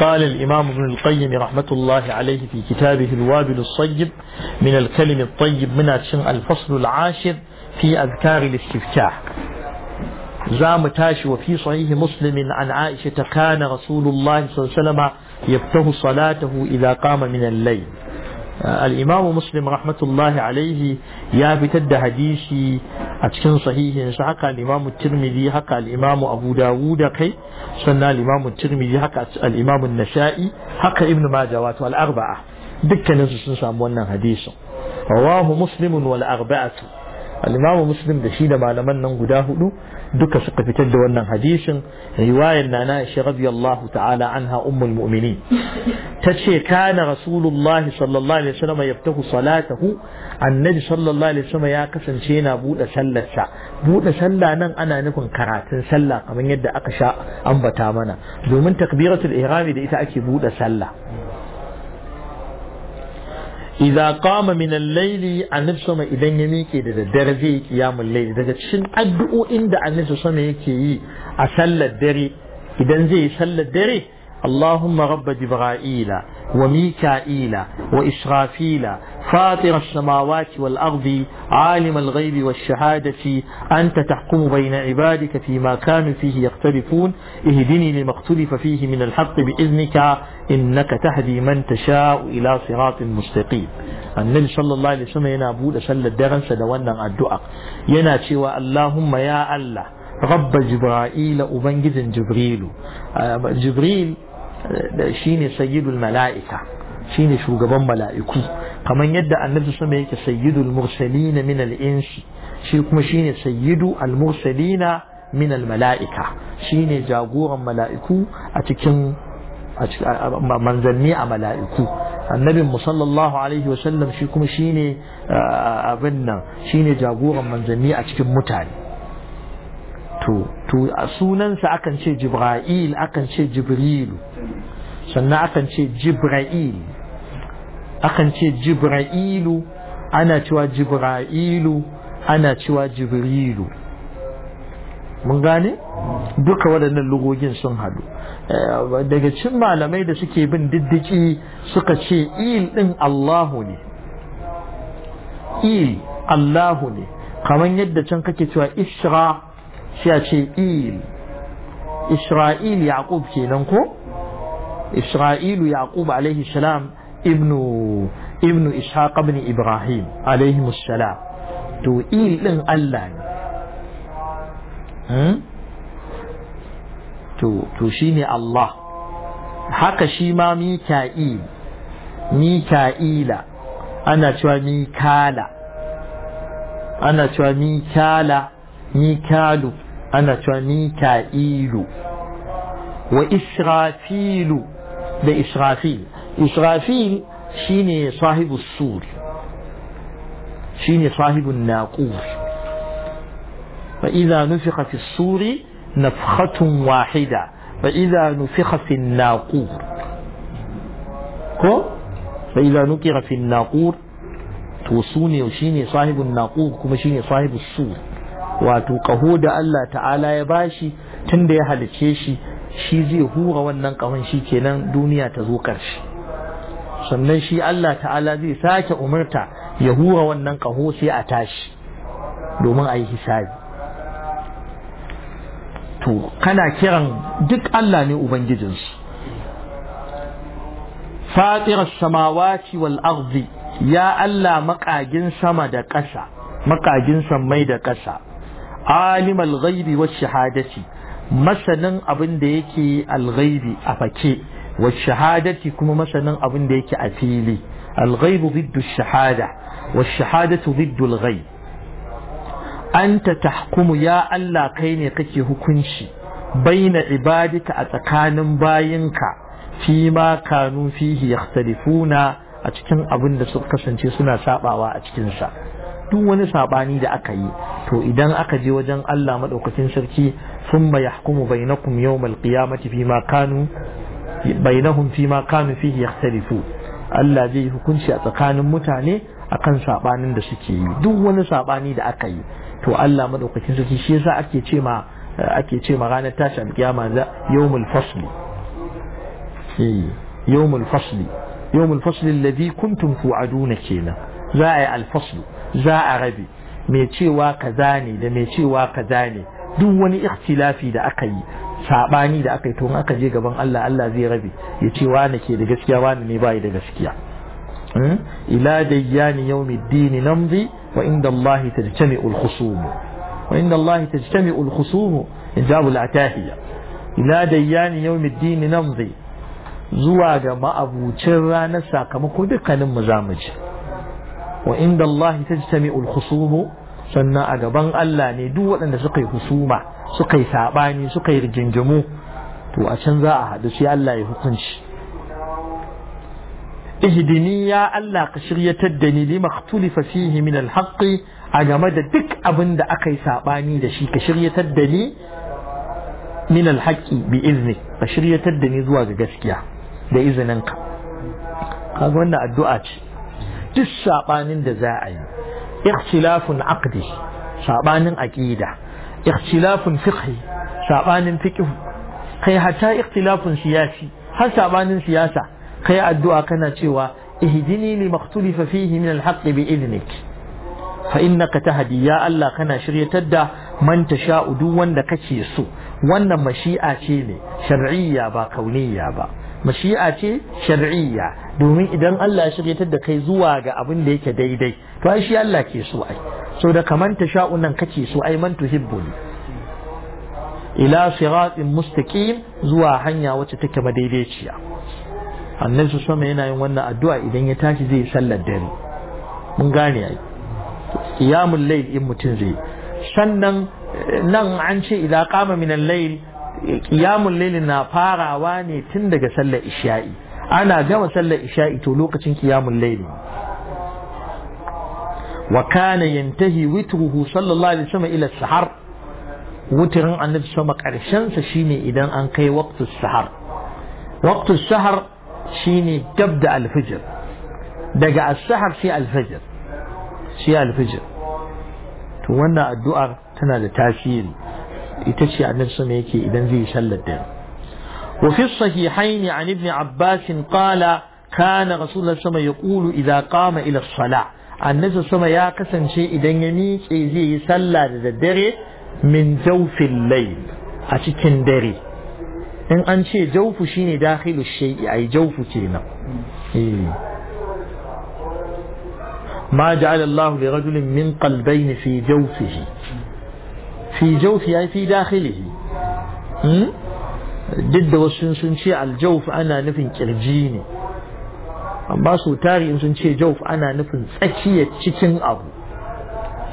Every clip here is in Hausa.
قال الإمام ابن القيم رحمة الله عليه في كتابه الوابل الصيب من الكلم الطيب من الفصل العاشر في أذكار الاستفتاح زام تاش وفي صحيح مسلم عن عائشة كان رسول الله صلى الله عليه وسلم يفته صلاته إذا قام من الليل الإمام مسلم رحمة الله عليه يا بتد حديثي أتكن صحيح حقا الإمام الترمذي حقا الإمام أبو داود كي سنة الإمام الترمذي حقا الإمام النسائي حقا ابن ماجه واتو الأربعة دكا نسو سنسا حديث رواه مسلم والأربعة الإمام مسلم دشيد ما لمن ننقداه duka suka fitar da wannan hadisin riwayar nana Aisha radiyallahu ta'ala anha ummul mu'minin tace kana rasulullahi sallallahu alaihi wasallam yaftahu salatahu annabi sallallahu alaihi wasallam ya kasance yana bude sa bude sallah nan ana nufin karatun sallah kamar yadda aka sha ambata mana domin takbiratul ihrami da ita ake bude sallah idza qama min al-layli annabi sama idan ya miƙe da daddare zai yi qiyamul layli daga cikin addu'o'in da annabi sama yake yi a sallar dare idan zai yi sallar dare اللهم رب جبرائيل وميكائيل وإشرافيل فاطر السماوات والأرض عالم الغيب والشهادة أنت تحكم بين عبادك فيما كانوا فيه يختلفون اهدني لما اختلف فيه من الحق بإذنك إنك تهدي من تشاء إلى صراط مستقيم النبي صلى الله عليه وسلم ينابود أشل الدرن سدونا الدعاء يناتي اللهم يا الله رب جبرائيل أبنجز جبريل آه، جبريل da shine sayyidul mala'ika shine shugaban mala'iku kamar yadda annabi sama yake sayyidul mursalina min al-insi shi kuma shine sayyidu al-mursalina min al-mala'ika shine jagoran mala'iku a cikin manzanni a mala'iku annabin mu sallallahu alaihi wa sallam shi kuma shine abin nan shine jagoran manzanni a cikin mutane to to a sunansa akan ce jibra'il akan ce jibrilu sannan akan ce jibra'il akan ce jibra'ilu ana cewa jibra'ilu ana cewa jibrilu mun gane duka waɗannan lugogin sun hadu eh, daga cin malamai da suke bin diddiki suka ce il ɗin Allahu ne il Allahu ne kamar yadda can kake cewa Isra shi a ce il isra'il yaqub kenan ko Isra'ilu Yaqub alaihi salam ibnu ibnu Ishaq ibn Ibrahim alaihi salam to il din ne shine Allah haka shi ma Mika'il Mika'ila ana cewa Mikala ana cewa Mikala Mikalu ana Mika'ilu wa Israfilu ده إسرافيل إسرافيل شيني صاحب السور شيني صاحب الناقور فإذا نفخ في السور نفخة واحدة فإذا نفخ في الناقور كو فإذا نفخ في الناقور توصوني وشيني صاحب الناقور كما شيني صاحب السور واتو قهود الله تعالى يباشي تندي هالتشيشي shi zai hura wannan kawan shi kenan duniya ta zo karshe sannan shi Allah ta'ala zai sake umarta ya hura wannan kaho sai a tashi domin a yi hisabi to kana kiran duk Allah ne ubangijinsu fatirar samawaci wal ardi ya Allah makagin sama da ƙasa makagin sammai da ƙasa alimal ghaibi wa shahadati masanin abin da yake alghaibi a fake wa shahadati kuma masanin abin da yake a fili alghaibu ziddu shahada wa shahadatu ziddu alghaib anta tahkumu ya Allah kai ne kake hukunci baina ibadika a tsakanin bayinka fi ma kanu fihi yakhtalifuna a cikin abin da suka kasance suna sabawa a cikinsa duk wani sabani da aka yi to idan aka je wajen Allah madaukakin sarki ثم يحكم بينكم يوم القيامة فيما كانوا بينهم فيما كانوا فيه يختلفون الله جيه كن شيء أتقان متعني أقن سابان دا سكي دو ون ساباني دا أكي تو الله مدوك كن سكي شيء أكي شيء ما أكي شيء ما غانا تاشا القيامة يوم الفصل إيه. يوم الفصل يوم الفصل الذي كنتم توعدون كينا زاء الفصل زاء غبي ميتشي وكذاني ده ميتشي duk wani ikhtilafi da aka yi sabani da aka yi to in aka je gaban Allah Allah zai rabe ya ce wani ke da gaskiya wani ne bai da gaskiya hmm? ila dayyani yawmiddin namdi wa inda Allah tajtami'ul khusum wa inda Allah tajtami'ul khusum ijabu al atahiya. ila dayyani yawmiddin namdi zuwa ga ma'abucin ranar sakamako dukkanin mu zamu wa inda Allah tajtami'ul khusum sannan a gaban Allah ne duk waɗanda suka yi husuma suka yi saɓani suka yi rigingimu to a can za a haɗu sai Allah ya hukunci ihdini ya Allah ka shiryatar da ni lima tuli fasihi min alhaqi a game da duk abin da aka yi saɓani da shi ka shiryatar da ni min alhaqi bi izni ka shiryatar da ni zuwa ga gaskiya da izininka kaga wannan addu'a ce duk saɓanin da za a yi ikhtilafun aqdi sabanin aqida ikhtilafun fiqhi sabanin fiqh kai hatta ikhtilafun siyasi har sabanin siyasa kai addu'a kana cewa ihdini li maktulifa fihi min alhaq bi idnik fa innaka tahdi ya Allah kana shiryatar da man tasha'u duk wanda kake so wannan mashi'a ce ne shar'iyya ba kauniyya ba mashi'a ce shar'iyya domin idan Allah ya shiryatar da kai zuwa ga abin da yake daidai to ai shi Allah ke so ai so da kaman sha'un nan kake so ai man ni. ila siratin mustaqim zuwa hanya wacce take madaidaiciya annabi su sama yana yin wannan addu'a idan ya tashi zai sallar dare mun gane ai qiyamul layl in mutun zai sannan eh, nan an ce ila qama min al-layl Kiyamun laili na farawa ne tun daga sallar isha'i ana gama sallar isha'i to lokacin qiyamul laili wa kana yantahi witruhu sallallahu alaihi wasallam ila sahar wutirin annabi sama karshen sa shine idan an kai waqtus sahar waqtus sahar shine dab da alfijir daga as-sahar sai alfijir sai alfijir to wannan addu'ar tana da tasiri ita ce annabi sama yake idan zai yi sallar dare wa fi sahihain an ibn abbas qala kana rasulullah sama yaqulu idza qama ila sala. salah sama ya kasance idan ya miƙe zai yi sallah da daddare min jawfil layl a cikin dare in an ce jaufu shine dakhilu shay'i ay jawfu kenan eh ما جعل الله min من قلبين في جوفه fi jawfi ai fi dakhilihi duk da wasu sun ce aljawf ana nufin kirji ne amma su tari in sun ce jawf ana nufin tsakiyar cikin abu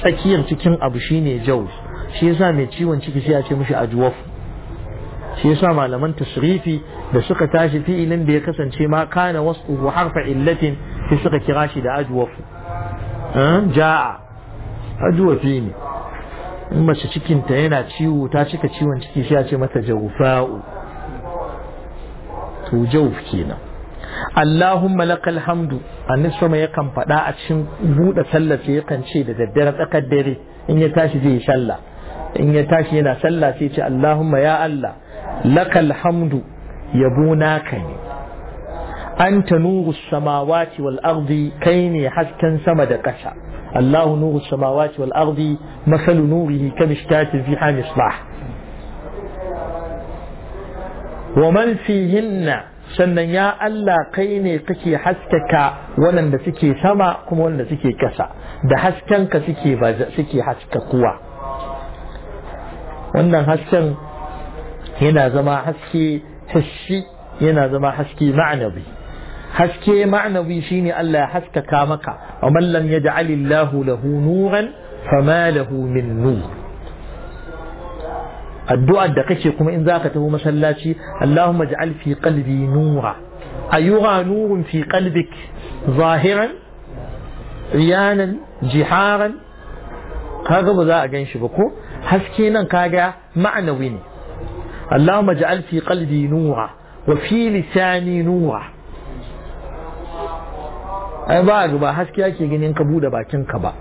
tsakiyar cikin abu shine jawf shi yasa mai ciwon ciki sai ya ce mishi ajwaf shi yasa malaman tasrifi da suka tashi fi'ilin da ya kasance ma kana wasu harfa illatin sai suka kira shi da ajwaf ja'a ajwafi ne in mace cikinta yana ciwo ta cika ciwon ciki shi a ce mata jawfa'u to jawf kenan Allahumma lakal hamdu annabi sama yakan faɗa a cikin buɗe sallar sai yakan ce da daddare tsakar dare in ya tashi zai sallah in ya tashi yana sallah sai ce Allahumma ya Allah lakal hamdu yabo naka ne anta nuru samawati wal ardi kai ne hasken sama da ƙasa الله نور السماوات والأرض مثل نوره في فيها مصباح ومن فيهن سنن يا ألا قيني قكي حسكك ولن نسكي سما كم ولن نسكي كسا ده حسكن كسكي بز سكي حسك قوة wannan hasken yana zama haske hissi yana zama haske ma'anabi haske ma'anawi shine Allah ya haskaka maka wa man lam yaj'al Allah lahu nuran fama lahu min nur addu'a da kace kuma in zaka tafi masallaci Allahumma ij'al fi qalbi nura ayuha nurun fi qalbik zahiran riyanan jiharan kaga ba za a gan shi ba ko haske nan kaga ma'anawi ne Allahumma ij'al fi qalbi nura wa fi lisani nura ai ba ba haske yake ganin ka bude bakin ka ba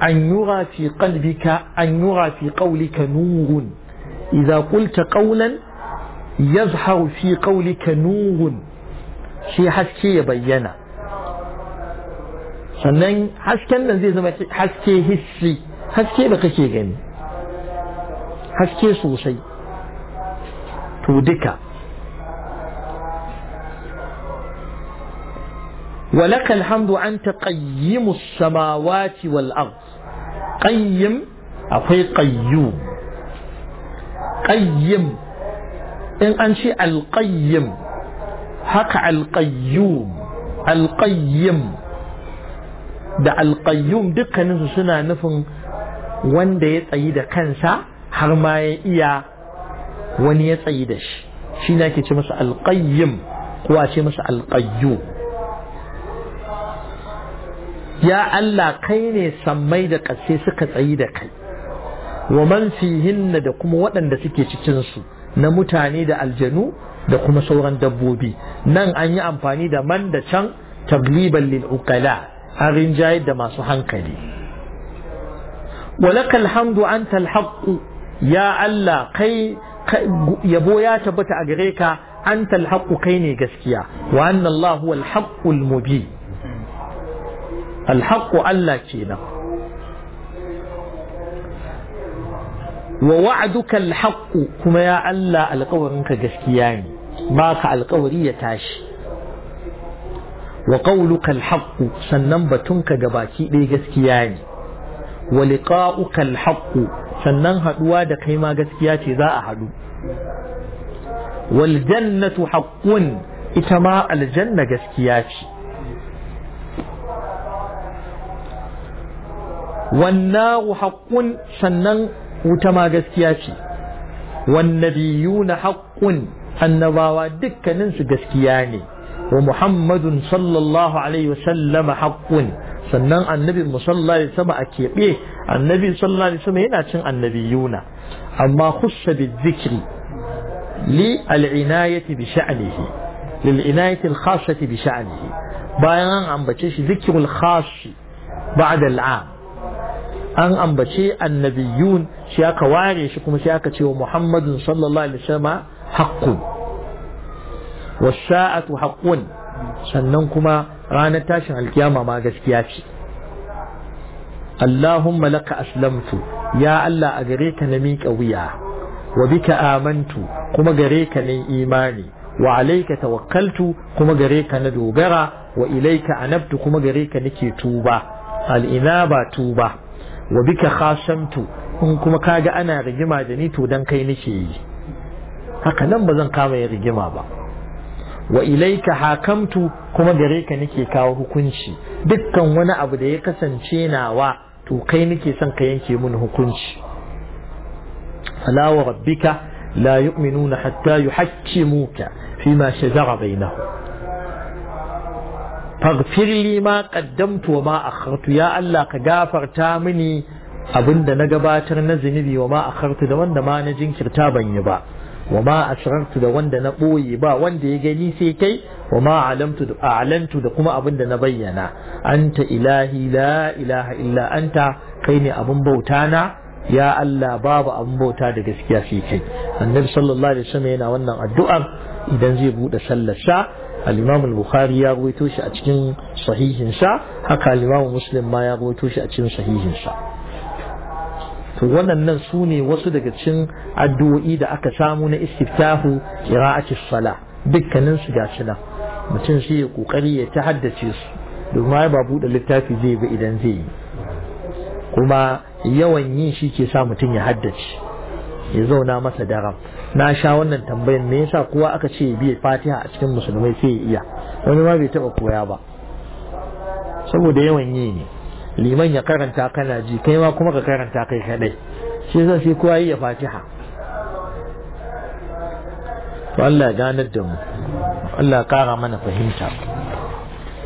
an yura fi qalbika an yura fi qawlika nurun idza qulta qawlan yazharu fi qawlika nurun shi haske ya bayyana sannan hasken nan zai zama haske hissi haske da kake gani haske sosai to duka ولك الحمد أنت قيم السماوات والأرض قيم أخي قيوم قيم إن أنشي القيم حق القيوم القيم دع القيوم دك نسنا نفن وند يتأيد كنسا حرما إيا ون يتأيدش شيناك تمس القيم قواتي مس القيوم ya Allah kai ne sammai da ƙasai suka tsayi da kai wa man fihinna da kuma waɗanda suke cikinsu na mutane da aljanu da kuma sauran dabbobi nan an yi amfani da man da can tabliban lil uqala an rinjayar da masu hankali walakal hamdu anta alhaqu ya Allah kai yabo ya tabbata a gare ka anta kai ne gaskiya wa anna Allah huwa alhaqul mubin الحق ألا كينا ووعدك الحق كما يا الله القورنك جسكيان ماك القورية يتاش وقولك الحق سنن بتنك جباكي دي ولقاؤك الحق سنن هدوا دك جسكياتي ذا أحدو والجنة حق إتما الجنة جسكياتي والنار حق سنن وتما غسكياتي والنبيون حق النباوة دكا ننس غسكياني ومحمد صلى الله عليه وسلم حق sannan annabi musalla sama a keɓe annabi sallallahu alaihi yana cin annabiyuna amma khussa bi dhikri li al-inayati bi sha'nihi lil inayati al-khassati bi sha'nihi bayan an ambace shi dhikrul khass ba'da an ambace annabiyun shi aka ware shi kuma shi aka ce wa muhammadun sallallahu alaihi wasallam haqqun wasa'atu haqqun sannan kuma ranar tashin alkiyama ma gaskiya ce Allahumma laka aslamtu ya Allah a gare ka na miƙa wuya wa bika amantu kuma gare ka yi imani wa alaika tawakkaltu kuma gare ka na dogara wa ilaika anabtu kuma gare ka nake tuba ina ba tuba wa bika khasamtu in kuma kaga ana rigima da ni to dan kai nake yi haka nan ba zan kama ya rigima ba wa ilaika hakamtu kuma gare ka nake kawo hukunci dukkan wani abu da ya kasance nawa to kai nake son ka yanke mun hukunci alawa rabbika la yu'minuna hatta yuhakkimuka fima shajara bainahum faghfir li ma qaddamtu wa ma akhartu ya Allah ka gafarta mini abinda na gabatar na zunubi wa ma akhartu da wanda ma na jinkirta ban yi ba wa ma asrartu da wanda na boye ba wanda ya gani sai kai wa ma alamtu da a'lantu da kuma abinda na bayyana anta ilahi la ilaha illa anta kai ne abin bauta na ya Allah babu an bauta da gaskiya sai kai annabi sallallahu alaihi wasallam yana wannan addu'ar idan zai bude sallar sa al-imam al-bukhari ya rawaito shi a cikin sahihin sa haka al-imam muslim ma ya rawaito shi a cikin sahihin sa to waɗannan su ne wasu daga cikin addu'o'i da aka samu na istiftahu qira'ati sala dukkanin su ga shi nan mutum shi ya kokari ya ta haddace su domin ba bude littafi zai ba idan zai yi kuma yawan yi shi ke sa mutum ya haddace ya zauna masa daram na sha wannan tambayan me yasa kowa aka ce biya fatiha a cikin musulmai sai ya iya wani ma bai taba koya ba saboda yawan yi ne liman ya karanta kana ji kai ma kuma ka karanta kai kadai shi yasa sai kowa yi ya fatiha Allah ya ganar da mu ya kara mana fahimta